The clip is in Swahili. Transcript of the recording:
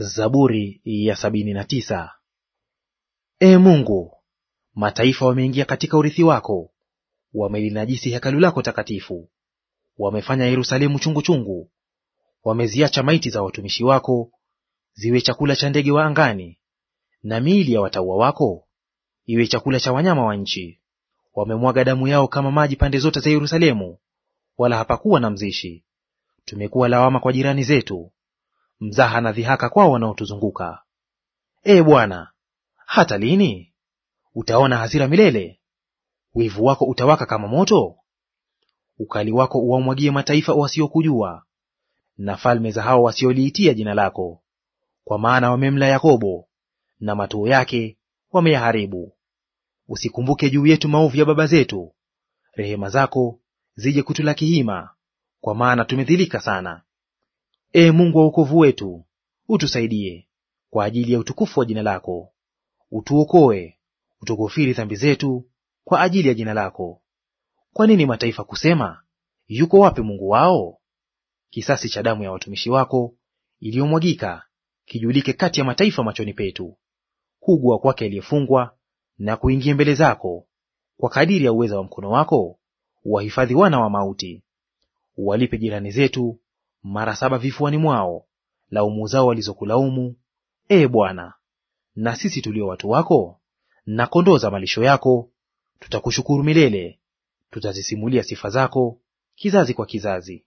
Zaburi ya sabini na tisa. E Mungu, mataifa wameingia katika urithi wako, wamelinajisi hekalu lako takatifu. Wamefanya Yerusalemu chungu chungu, wameziacha maiti za watumishi wako ziwe chakula cha ndege wa angani, na miili ya watauwa wako iwe chakula cha wanyama wa nchi. Wamemwaga damu yao kama maji pande zote za Yerusalemu, wala hapakuwa na mzishi. Tumekuwa lawama kwa jirani zetu, mzaha na dhihaka kwao wanaotuzunguka. Ee Bwana, hata lini? Utaona hasira milele? Wivu wako utawaka kama moto? Ukali wako uwamwagie mataifa wasiokujua, na falme za hao wasioliitia jina lako. Kwa maana wamemla Yakobo, na matuo yake wameyaharibu. Usikumbuke juu yetu maovu ya baba zetu, rehema zako zije kutulaki hima, kwa maana tumedhilika sana e Mungu wa wokovu wetu, utusaidie kwa ajili ya utukufu wa jina lako. Utuokoe, utukufiri dhambi zetu kwa ajili ya jina lako. Kwa nini mataifa kusema, yuko wapi Mungu wao? Kisasi cha damu ya watumishi wako iliyomwagika kijulike kati ya mataifa machoni petu. Hugua kwake aliyefungwa na kuingie mbele zako. Kwa kadiri ya uweza wa mkono wako, wahifadhi wana wa mauti. Walipe jirani zetu mara saba vifuani mwao laumu zao walizokulaumu, e Bwana. Na sisi tulio watu wako na kondoo za malisho yako tutakushukuru milele, tutazisimulia sifa zako kizazi kwa kizazi.